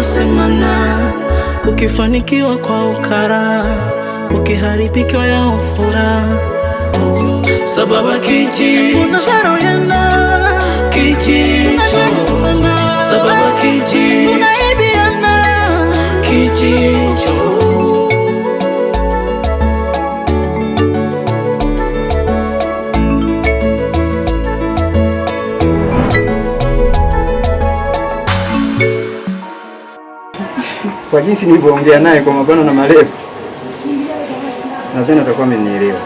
tunayosemana, ukifanikiwa kwa ukara, ukiharibikiwa ya ufura sababa kiji kijicho jinsi nilivyoongea naye kwa mapana na marefu, nadhani atakuwa amenielewa.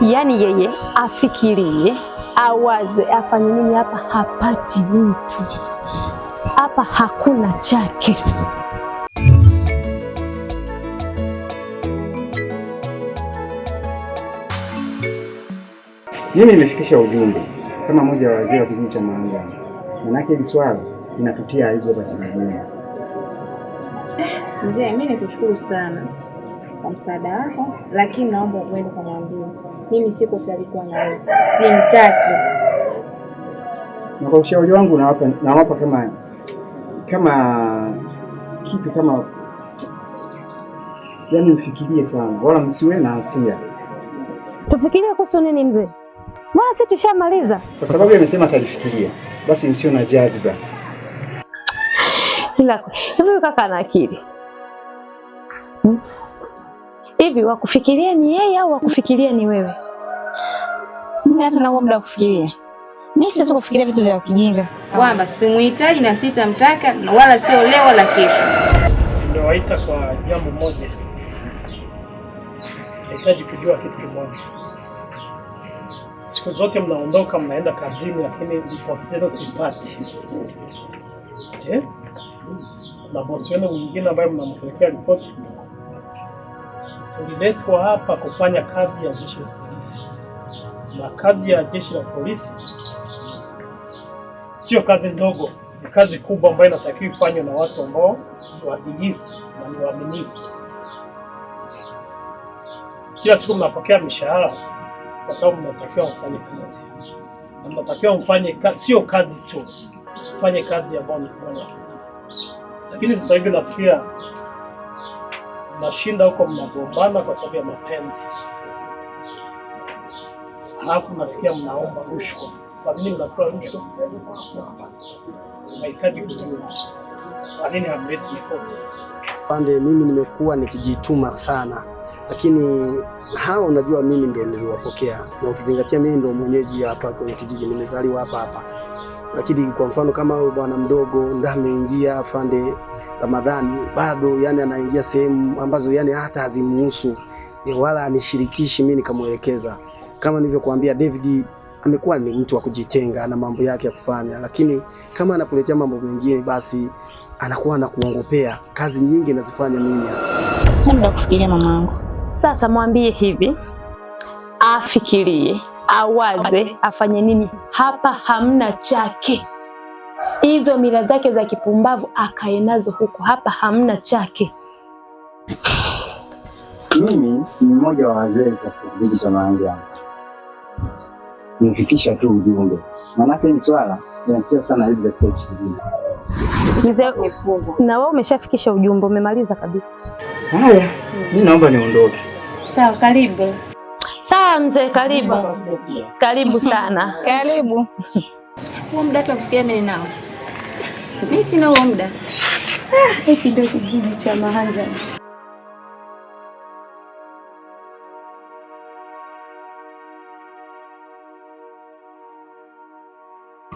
Yaani yeye afikirie, awaze, afanye nini. Hapa hapati mtu, hapa hakuna chake. Mimi nimefikisha ujumbe kama mmoja wa wazee wa kijiji cha Mahangama, manake hili swala linatutia aibu hapa kijijini. Mzee, mimi nikushukuru sana kwa msaada wako, lakini naomba uende kumwambia mimi siko tayari kuwa na wewe, simtaki. Na kwa ushauri wangu nawapa, nawapa kama kama kitu kama, yaani mfikirie sana, wala msiwe na hasira. Tufikirie kuhusu nini mzee? Mbona si tushamaliza? Kwa sababu amesema atalifikiria, basi msio na jaziba. Ila hivyo kaka ana akili hmm? hivi hmm? Wakufikiria ni yeye au wakufikiria ni wewe? Mimi hata na muda wa kufikiria mimi siwezi kufikiria vitu vya kijinga, kwamba simuhitaji na sitamtaka wala sio leo wala kesho. Ndowaita kwa jambo moja, nahitaji kujua kitu kimoja. Siku zote mnaondoka mnaenda kazini, lakini ripoti zenu sipati na bosi wenu mwingine ambaye mnampelekea ripoti, tuliletwa hapa kufanya kazi ya jeshi la polisi, na kazi ya jeshi la polisi sio kazi ndogo, ni kazi kubwa ambayo inatakiwa ifanywe na watu ambao ni waadilifu na ni waaminifu. Kila siku mnapokea mishahara kwa sababu mnatakiwa mfanye kazi, na mnatakiwa mfanye kazi, sio kazi tu, mfanye kazi ambayo ni lakini sasa hivi nasikia nashinda huko, mnagombana kwa sababu ya mapenzi, halafu nasikia mnaomba rushwa. Kwa nini mnatoa rushwa? Mahitaji kujua kwa nini hamleti ripoti. Pande mimi nimekuwa nikijituma sana lakini hawa unajua, mimi ndio niliwapokea, na ukizingatia mimi ndio mwenyeji hapa kwenye kijiji, nimezaliwa hapa hapa lakini kwa mfano kama bwana mdogo ndo ameingia afande Ramadhani bado yani anaingia sehemu ambazo yani hata hazimuhusu eh, wala anishirikishi mimi, nikamwelekeza kama nilivyokuambia, David amekuwa ni mtu wa kujitenga na mambo yake ya kufanya, lakini kama anakuletea mambo mengine, basi anakuwa anakuongopea. Kazi nyingi nazifanya mimi, cha muda kufikiria mamangu. Sasa mwambie hivi afikirie awaze afanye nini. Hapa hamna chake, hizo mila zake za kipumbavu akae nazo huko, hapa hamna chake. Mimi ni mmoja wa wazee za kijiji cha Mahange, nifikisha tu ujumbe, maanake ni swala inatia sana hivi za kijiji. Mzee, na wewe umeshafikisha ujumbe, umemaliza kabisa. Haya, mimi naomba niondoke. Sawa, karibu. Sawa mzee, karibu karibu sana karibu. Huo muda tu kufikia mimi nao sasa, mimi sina huo muda. Ah, Hiki ndio kijiji cha Mahanja.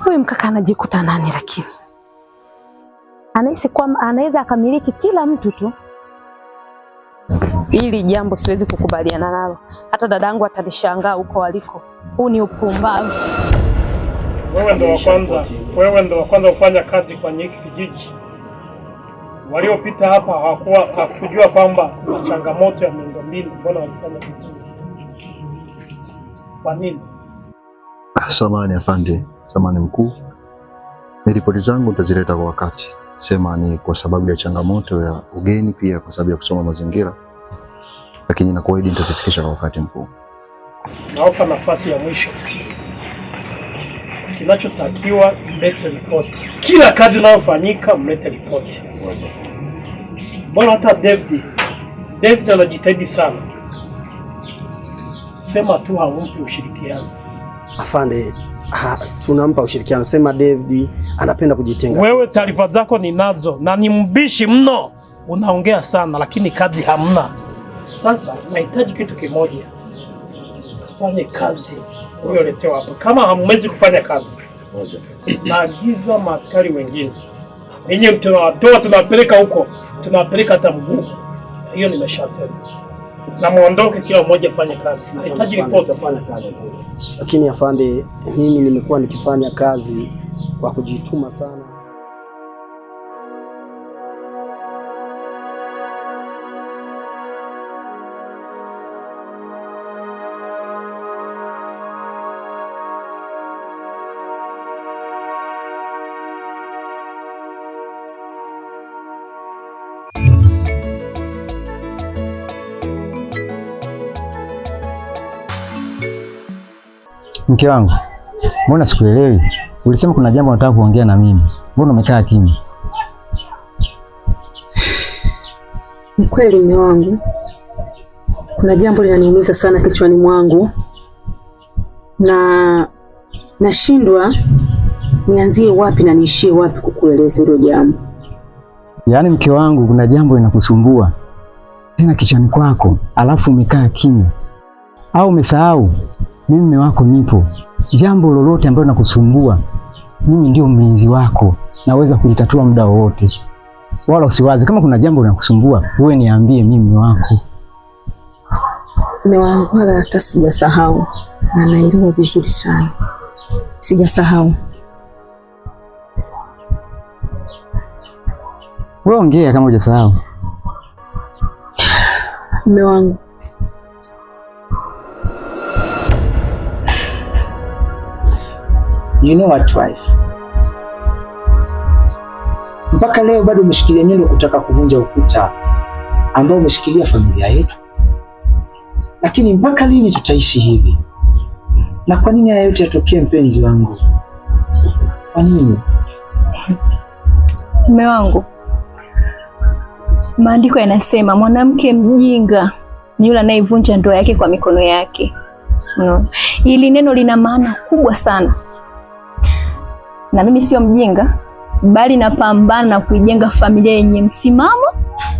Huyu mkaka anajikuta nani, lakini anahisi kwamba anaweza akamiliki kila mtu tu Hili jambo siwezi kukubaliana nalo, hata dadangu atanishangaa huko aliko. Huu ni upumbavu. Wewe ndo wa kwanza, wewe ndo wa kwanza kufanya kazi kwenye hiki kijiji. Waliopita hapa hawakuwa hakujua kwamba changamoto ya miundombinu, mbona walifanya vizuri? Kwa nini? Samani afande, samani mkuu, ni ripoti zangu nitazileta kwa wakati. Sema ni kwa sababu ya changamoto ya ugeni, pia kwa sababu ya kusoma mazingira lakini nakuahidi nitazifikisha kwa wakati mkuu. naopa nafasi ya mwisho. Kinachotakiwa mlete ripoti, kila kazi inayofanyika mlete ripoti. Mbona hata David, David anajitahidi sana, sema tu hampi ushirikiano. Afande, ha, tunampa ushirikiano. Sema David anapenda kujitenga. Wewe taarifa zako ninazo na ni mbishi mno, unaongea sana lakini kazi hamna. Sasa nahitaji kitu kimoja, fanye kazi ulioletewa hapa. Kama hamwezi kufanya kazi, naagiza maaskari wengine, ninyi tunawatoa, tunawapeleka huko, tunawapeleka hata mguu. Hiyo nimeshasema, na muondoke, kila mmoja fanye kazi. Nahitaji ripoti. kazi. Lakini afande, mimi nimekuwa nikifanya kazi kwa kujituma sana Mke wangu, mbona sikuelewi? Ulisema kuna jambo unataka kuongea na mimi, mbona umekaa kimya? Ni kweli wangu, kuna jambo linaniumiza sana kichwani mwangu na nashindwa nianzie wapi na niishie wapi kukueleza hilo jambo. Yaani mke wangu, kuna jambo linakusumbua tena kichwani kwako, alafu umekaa kimya, au umesahau mimi mume wako nipo. Jambo lolote ambalo nakusumbua mimi ndio mlinzi wako, naweza kulitatua muda wowote, wala usiwaze. Kama kuna jambo linakusumbua wewe niambie, mimi mume wako. Mume wangu, wala hata sijasahau, na naelewa vizuri sana, sijasahau. Wewe ongea kama hujasahau. Mume wangu, You know what wife? Mpaka leo bado umeshikilia nyundo kutaka kuvunja ukuta ambao umeshikilia familia yetu. Lakini mpaka lini tutaishi hivi? Na kwa nini haya yote yatokee, mpenzi wangu? Kwa nini? Mume wangu, maandiko yanasema mwanamke mjinga ni yule anayevunja ndoa yake kwa mikono yake. No. Hili neno lina maana kubwa sana na mimi sio mjinga, bali napambana na kuijenga familia yenye msimamo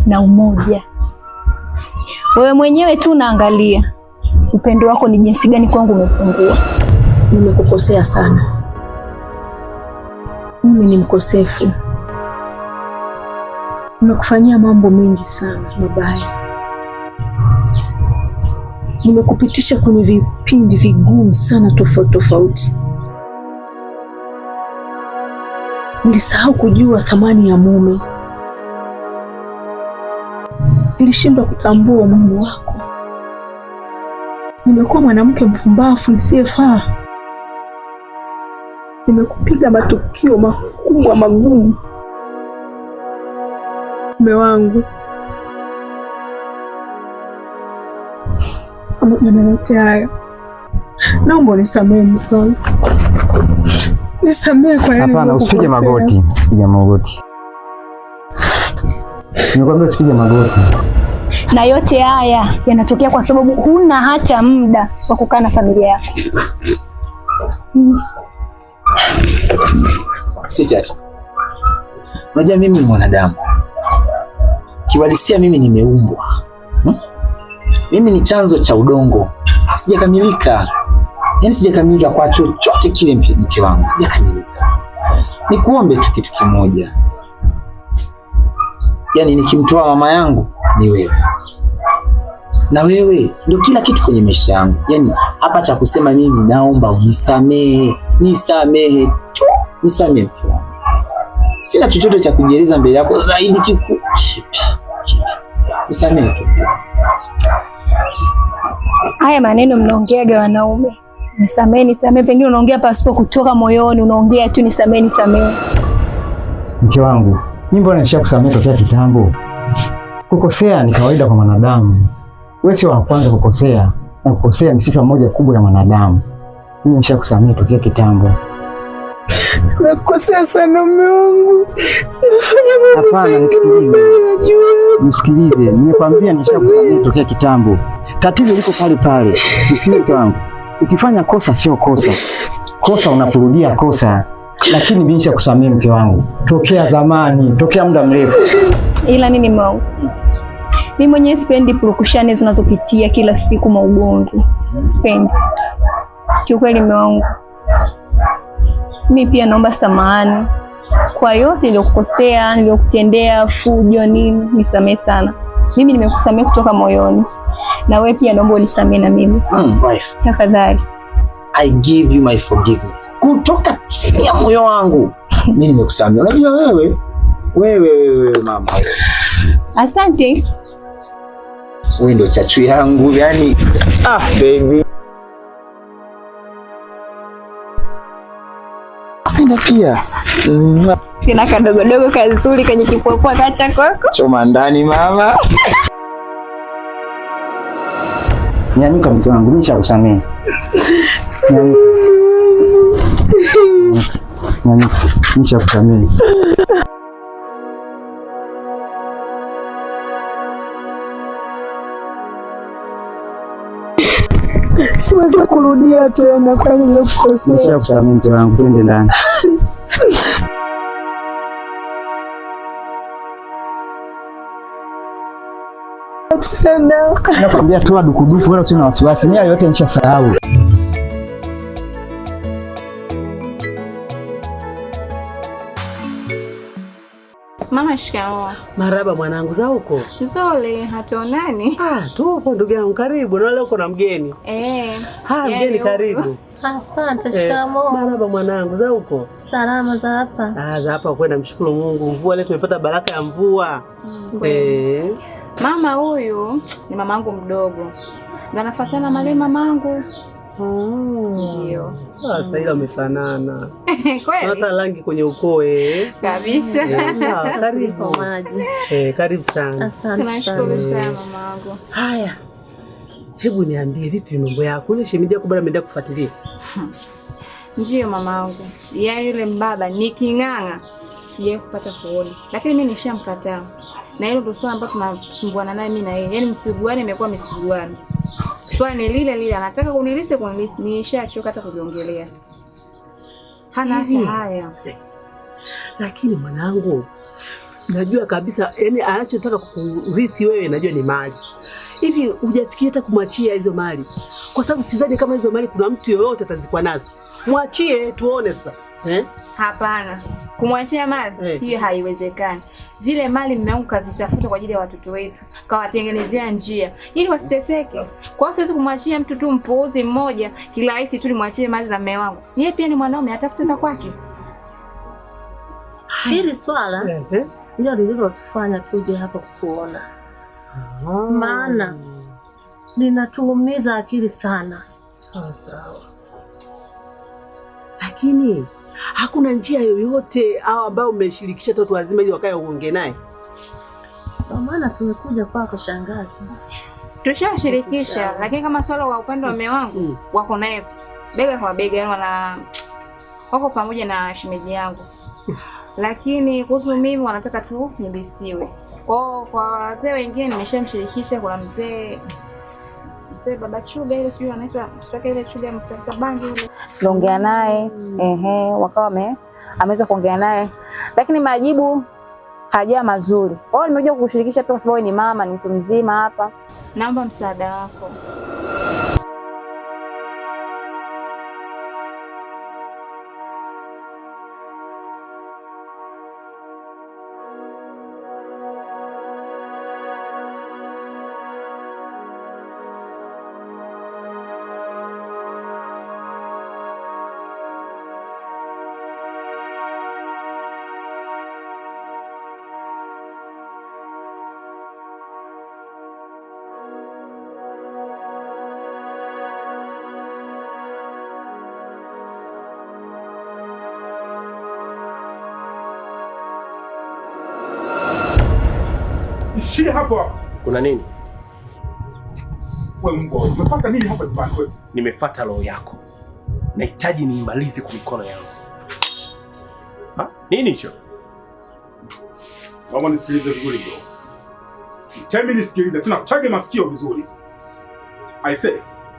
na umoja. Wewe mwenyewe tu unaangalia upendo wako ni jinsi gani kwangu umepungua. Nimekukosea sana, mimi ni mkosefu, nimekufanyia mambo mengi sana mabaya nimekupitisha kwenye vipindi vigumu sana tofauti tofauti. Nilisahau kujua thamani ya mume, nilishindwa kutambua umuhimu wako. Nimekuwa mwanamke mpumbavu nisiyefaa, nimekupiga matukio makubwa magumu. Mume wangu pamoja na yote hayo, naomba unisamehe mwanangu. Nisamehe kwa hili. Hapana, usipige magoti. Usipige magoti. Nimekwambia usipige magoti. Na yote haya yanatokea kwa sababu huna hata muda wa kukaa na familia yako. si Sio Chacha. Unajua mimi ni mwanadamu. Kiwalisia mimi nimeumbwa. Hmm? Mimi ni chanzo cha udongo. Sijakamilika yani sijakamilika kwa chochote kile, mke wangu, sijakamilika. Nikuombe tu kitu kimoja, yani nikimtoa mama yangu ni wewe, na wewe ndio kila kitu kwenye maisha yangu. Yani hapa cha kusema mimi, naomba unisamehe, nisamehe tu, nisamehe mke wangu. Sina chochote cha kujieleza mbele yako zaidi kiku nisamehe tu. Haya maneno mnaongeaga wanaume nisamee, nisamee, pengine unaongea pasipo kutoka moyoni, unaongea tu nisamee, nisamee. Mke wangu, mimi mbona nishia kusamee tokea kitambo. Kukosea ni kawaida kwa mwanadamu, wewe sio wa kwanza kukosea, na kukosea ni sifa moja kubwa ya mwanadamu. Mimi nishia kusamee tokea kitambo. Nakukosea sana mume wangu. Hapana, nisikilize. Nisikilize, nimekwambia kusamee tokea kitambo. Tatizo liko pale pale. Nisikilize wangu. Ukifanya kosa sio kosa, kosa unakurudia kosa, lakini mimi kusamehe mke wangu tokea zamani, tokea muda mrefu. Ila nini mau, mimi mwenyewe sipendi purukushani zinazopitia kila siku, maugomvi sipendi kiukweli. Mume wangu, mimi pia naomba samahani kwa yote niliyokukosea, niliyokutendea, fujo nini, nisamehe sana mimi nimekusamea kutoka moyoni, na wewe pia naomba unisamee na mimi hmm, tafadhali. I give you my forgiveness kutoka chini ya moyo wangu mimi nimekusamea. Unajua wewe wewe wewe mama, asante. Wewe ndio chachu yangu yani, ah baby Nakupenda pia. Kina mm. kadogodogo kazuri kwenye kipuapua kacha kwako. Choma ndani mama. Nyanyuka mke wangu, mimi nishakusamehe. Nyanyuka. Nyanyuka, mimi yaani nishakusamehe. siwezi kurudia tena, kwani nimekukosea. Nishakusamehe mke wangu, twende ndani. Nakwambia toa dukuduku, wala usina wasiwasi, mimi yote nishasahau. Mama, shikamoo. Maraba mwanangu, za huko? Nzuri, hatuonani. Ah, tupo ndugu yangu, karibu. Na leo uko na mgeni eh? Ha, mgeni karibu. Asante, eh, shikamoo. Maraba mwanangu, za huko? Salama za hapa. Ah, za hapa kwenda, mshukuru Mungu. Mvua leo tumepata baraka ya mvua mm. Eh. Mama huyu ni mamangu mdogo, ndo anafuatana mamangu ndio. Ah, sasa ila umefanana hata rangi kwenye ukoe eh. kabisa. Eh, karibu maji, eh, karibu sana. Tunashukuru sana mama wangu. Haya, hebu niambie, vipi mambo yako? Ule shemeji yako bado ameenda kufuatilia? Ndiyo mama wangu, ya yule mbaba niking'ang'a sijawahi kupata kuona, lakini mi nishamkataa, na hilo ndio swala ambalo tunasumbuana naye mimi na yeye, yaani msuguano imekuwa msuguano Swali ni lile lile, anataka kunilisi kunilisi, nishachoka hata kujiongelea, hana hata haya. Lakini mwanangu, najua kabisa yani anachotaka kurithi wewe, najua ni mali. Hivi hujafikiri hata kumwachia hizo mali? Kwa sababu sidhani kama hizo mali kuna mtu yoyote atazikwa nazo. Mwachie tuone sasa eh? Hapana, kumwachia mali eh, hiyo haiwezekani. Zile mali mmeangu kazitafuta kwa ajili ya watoto wetu, kawatengenezea njia ili wasiteseke. Kwa hiyo siwezi kumwachia mtu tu mpuuzi mmoja kirahisi tu nimwachie mali za mume wangu. Yeye pia ni mwanaume, atafuta za kwake. Hili swala eh, ndio lililotufanya tuje hapa kukuona, ah. maana linatuumiza akili sana. Sawa sawa lakini hakuna njia yoyote au ambayo umeshirikisha watu wazima ili wakae uonge naye? Kwa maana tumekuja kwako shangazi, tushashirikisha, lakini kama swala wa upande wa mume wangu mm. wako naye bega kwa bega, yani wana wako pamoja na shemeji yangu lakini kuhusu mimi wanataka tu nibisiwe Kwa Kwa wazee wengine nimeshamshirikisha, kuna mzee mzee baba Chuga ile sijui anaitwa mtoto wake ile Chuga mtoto bangi ile tuliongea naye mm. Ehe, wakawa ame ameweza kuongea naye, lakini majibu haja mazuri. Kwa hiyo nimekuja kukushirikisha pia, kwa sababu ni mama, ni mtu mzima hapa, naomba msaada wako. Ishie hapo hapo. Kuna nini? Wewe mbona umefuata nini hapa nyumbani kwetu? Nimefuata roho yako. Nahitaji niimalize kwa mikono yangu. Ha? Nini hicho? Mama, nisikilize vizuri bro. Mtemi, nisikilize tena, tege masikio vizuri. I say,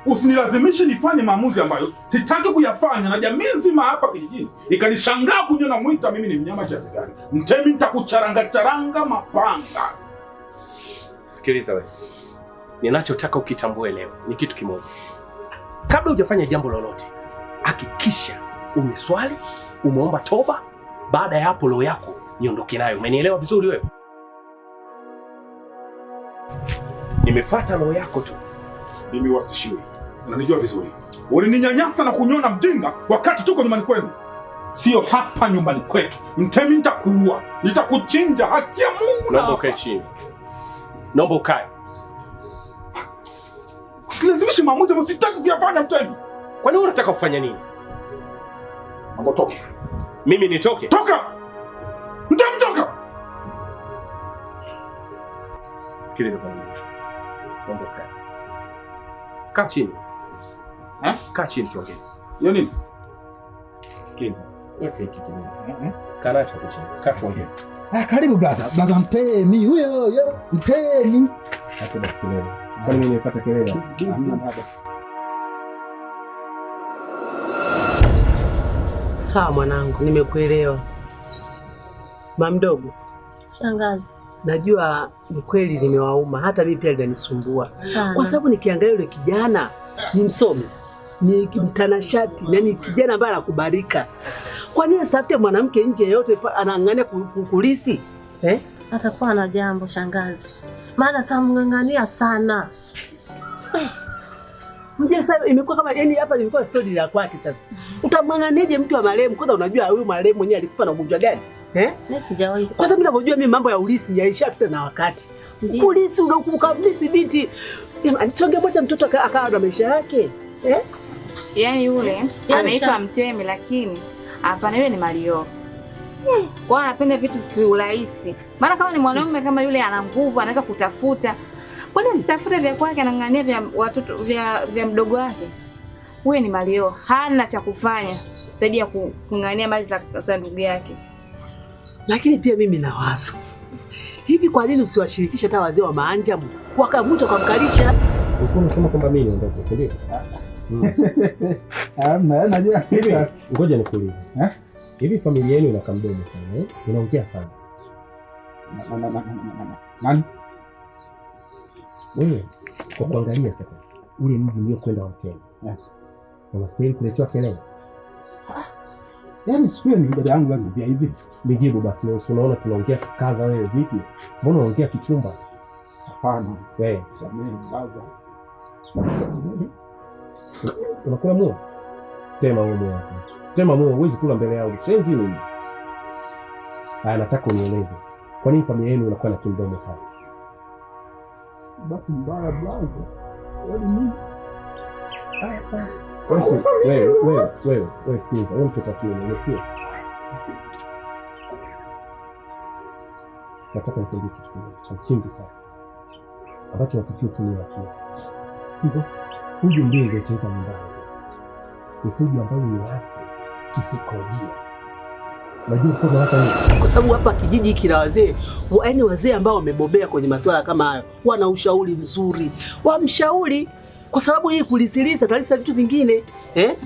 usinilazimishe nifanye maamuzi ambayo sitaki kuyafanya na jamii nzima hapa kijijini ikanishangaa kunyona mwita mimi ni mnyama kiasi gani. Mtemi, nitakucharanga charanga mapanga. Sikiliza wewe, ninachotaka ukitambue leo ni kitu kimoja. Kabla hujafanya jambo lolote, hakikisha umeswali, umeomba toba. Baada ya hapo, roho yako niondoke nayo. Umenielewa vizuri wewe? Nimefuata roho yako tu, mimi wastishiwi. Unanijua vizuri, ulininyanyasa na kunyona mjinga wakati tuko nyumbani kwenu. Sio hapa nyumbani kwetu, mtemi, nitakuua, nitakuchinja. Haki ya Mungu, naomba ukae chini naomba ukae. Usilazimishe maamuzi ambayo sitaki kuyafanya Mtemi. Kwa nini unataka kufanya nini? Naomba toke. Mimi nitoke? Toka! Mtamtoka! Sikiliza kwa nini. Naomba ukae. Kaa chini. Eh? Kaa chini tuongee. Hiyo nini? Sikiliza. Okay, kikini. Mhm. Kaa nacho chini. Kaa tuongee. Ah, karibu blaza. Blaza mtemi huyo huyo, mtemi. Acha basi kelele. Kwani mimi nimepata kelele? Hamna baba. Sawa mwanangu, nimekuelewa. Mama mdogo. Shangazi. Najua ni kweli limewauma hata mimi pia linanisumbua. Kwa sababu nikiangalia yule kijana ni msomi, ni mtanashati, na ni kijana ambaye anakubalika. Kwa nini sitafute mwanamke nje yote anang'ania kukulisi eh? Atakuwa na jambo shangazi, maana kamng'ang'ania sana Mje sasa imekuwa kama yani hapa ilikuwa story ya kwake sasa. Utamng'ang'anieje mtu wa marehemu? Kwanza unajua huyu marehemu mwenyewe alikufa na ugonjwa gani? Eh? Mimi sijawahi. Kwanza mimi ninavyojua mimi mambo ya ulisi yaishapita na wakati. Ulisi unakumkabisi binti. Alisonge moja mtoto akawa na maisha yake. Eh? Yaani yule yaani anaitwa mtemi lakini Hapana, yule ni Mario. Kwa anapenda vitu kiurahisi. Maana kama ni mwanaume kama yule ana nguvu, anaweza kutafuta. Kwani sitafuta vya kwake anang'ania vya watoto vya, vya mdogo wake. Huyo ni Mario. Hana cha kufanya zaidi ya kung'ania mali za ndugu yake. Lakini pia mimi na wazo. Hivi kwa nini usiwashirikishe hata wazee wa maanjamu? Wakamuta kwa mkalisha. Ukunu kama kwamba mimi ndio ndio. Ah, ngoja nikuulize, eh? hivi familia yenu ina kamdogo sana, eh? inaongea sana wewe? Kwa kuangalia sasa ule mji uliokwenda hoteli, unastahili kuletewa kelele? Yaani siku hiyo ni dada yangu anambia hivi, nijibu basi. Unaona tunaongea kaza, wewe vipi? Mbona unaongea kichumba? Hapana, samee eh. baza unakula mua tema mua wako tema mua, huwezi kula mbele yangu shenzi huyu. Aya, ah, nataka unieleze kwa nini familia yenu inakuwa na kimdomo sana? Basi mbaya blanco, yaani ah, ah. wewe wewe wewe wewe, sikiliza wewe, mtoto nataka nikuambie kitu kimoja cha msingi sana ambacho natakiwa tumia akili Fujo ndiyo iliyocheza nyumbani, ni fujo ambayo ni asili kisaikolojia. Kwa sababu hapa kijiji kila wazee, yaani wazee ambao wamebobea kwenye masuala kama hayo, wana ushauri mzuri, wamshauri kwa sababu hii kulisilisa talisa vitu vingine eh?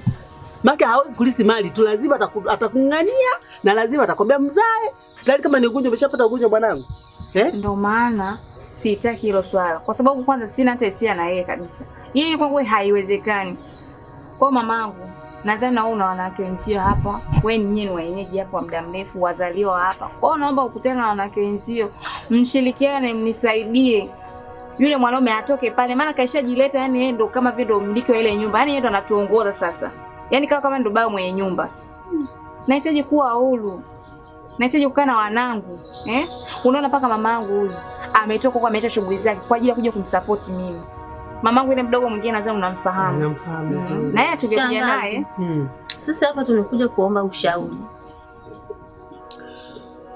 Maka hawezi kulisi mali tu, lazima atakung'ania na lazima atakwambia mzae. Sitaki kama ni ugonjwa, umeshapata ugonjwa bwanangu eh? Ndio maana sitaki hilo swala, kwa sababu kwanza sina hata hisia na yeye kabisa. Yeye kwa kweli haiwezekani. Kwa mamangu, nadhani na una wanawake wenzio hapa. Wewe ni ni wenyeji hapa kwa muda mrefu, wazaliwa hapa. Kwa hiyo naomba ukutane na wanawake wenzio, mshirikiane, mnisaidie. Yule mwanaume atoke pale, maana kaishajileta, yani yeye ndo kama vile ndo mmiliki wa ile nyumba, Yaani yeye ndo anatuongoza sasa, Yaani kama kama ndo baba mwenye nyumba. Nahitaji kuwa huru, nahitaji kukaa na wanangu eh? Unaona, mpaka mamangu huyu ametoka kwa ameacha shughuli zake kwa ajili ya kuja kunisupport mimi mamangu ile mdogo mwingine nadhani unamfahamu. Unamfahamu. Mm. Na yeye tulikuja naye. Mm. Sasa hapa tumekuja kuomba ushauri.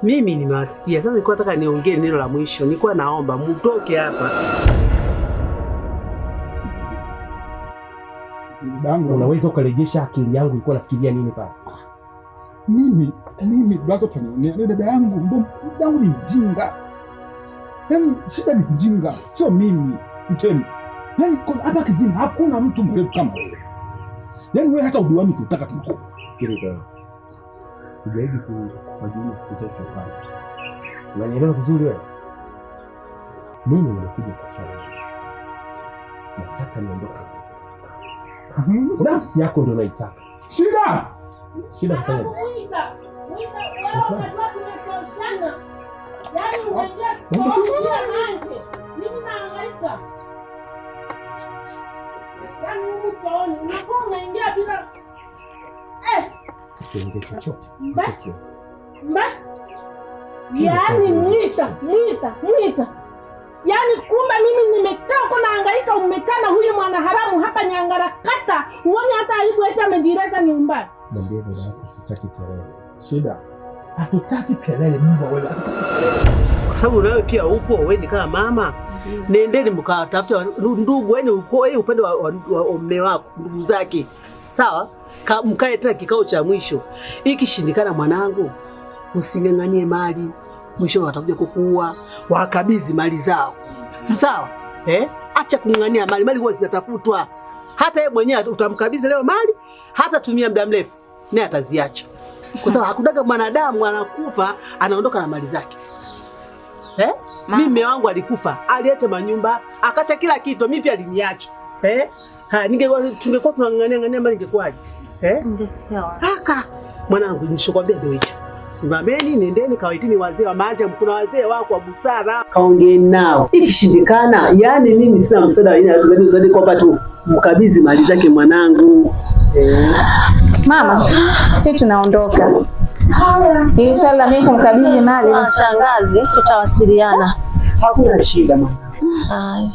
Mimi nimewasikia. Sasa nilikuwa nataka niongee neno la mwisho. Nilikuwa naomba mtoke hapa. Bangu, unaweza ukarejesha akili yangu, ilikuwa nafikiria nini pale? Mimi mimi blazo tanionea ile dada yangu ndo yangu ni mjinga. Yaani shida ni mjinga, sio mimi mtemi. Yaani hapa kijijini hakuna mtu mrefu kama wewe. Yaani wewe hata udiwani kutaka tunakupa. Sikiliza. Sijaidi kufajua siku zote hapa. Unanielewa vizuri wewe? Mimi nimekuja kwa sababu Nataka niondoke. Nafsi yako ndio unaitaka. Shida. Shida kufanya. Muiba. Muiba wewe unajua tunachoshana. Yaani ah, unajua kwa nani? Mimi naangaika yani huko unakuwa unaingia bila eh, chochote mba mba, yaani mwita mwita mwita, yaani kumbe mimi nimekaa uko nahangaika, umekaa na huyu mwanaharamu hapa Nyangara kata, uone hata aibu eti amejieleza nyumbani. Mwambie baba yako sitaki kelele. Shida Hatutaki kelele, Mungu awewe, kwa sababu nawe pia upo weni kama mama. Mm-hmm. Nendeni mkawatafute ndugu weni uko upande wa mume wako, ndugu zake, sawa. Mkae tena kikao cha mwisho. Ikishindikana mwanangu, using'ang'anie mali, mwisho watakuja kukuua, wakabidhi mali zao, sawa eh? Acha kung'ang'ania mali, mali huwa zinatafutwa. Hata yeye mwenyewe utamkabidhi leo mali, hata tumia muda mrefu naye ataziacha kwa sababu hakudaga mwanadamu anakufa anaondoka na mali zake eh? Mimi mume wangu alikufa, aliacha manyumba, akacha kila kitu, mimi pia aliniacha eh? Ha, Ningekuwa tungekuwa tunang'ania ng'ania mali ingekuwaje eh? Aka mwanangu, nishokwambia ndio hicho. Simameni, nendeni kawaitini wazee wa maajabu. mkuna wazee wako wa busara, kaongeeni nao. Ikishindikana, yani mimi sina msaada zaidi kwamba tu mkabidhi mali zake mwanangu eh. Mama, si tunaondoka. Inshallah mimi kumkabidhi mali shangazi, tutawasiliana. Hakuna shida mama. Haya.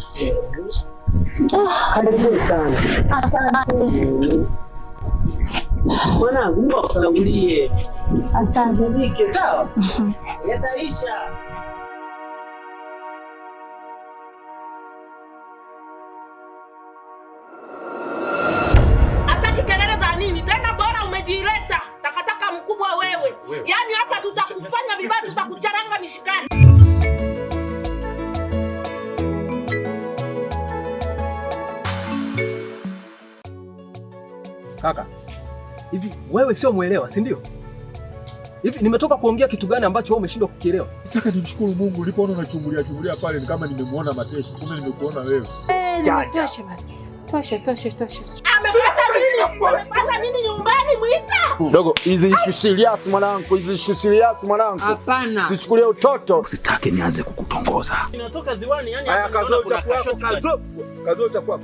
Asante. vibaya, tutakucharanga Kaka, hivi wewe sio mwelewa, si ndio? Hivi nimetoka kuongea kitu gani ambacho wewe umeshindwa kukielewa? Nataka nimshukuru Mungu, nilipoona unachungulia chungulia pale ni kama nimemuona Mateso, kumbe nimekuona wewe. Eh, tosha basi. Tosha, tosha, tosha amepata nini nyumbani Mwita? Dogo, hizi issue serious mwanangu, hizi issue serious mwanangu. Hapana. Sichukulie utoto. Usitake nianze kukutongoza. Inatoka ziwani yani.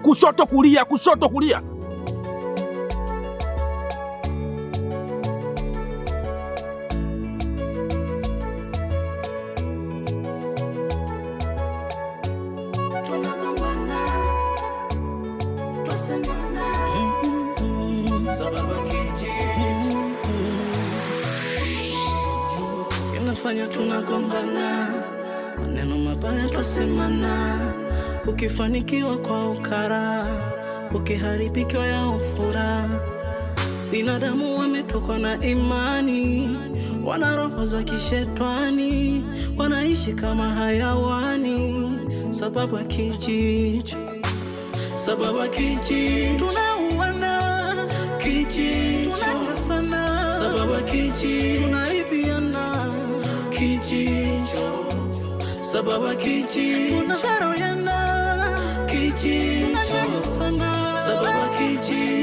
Kushoto kulia, kushoto kulia. tunasemana, ukifanikiwa kwa ukara, ukiharibikiwa ya ufura. Binadamu wametokwa na imani, wana roho za kishetwani, wanaishi kama hayawani, sababu ya kijiji, sababu ya kijiji, tunauana kijiji, tunatesana, sababu ya kijiji, tunaibiana kijiji Sababa kijicho unadharauliana, kijicho unajali sana, sababa kichi.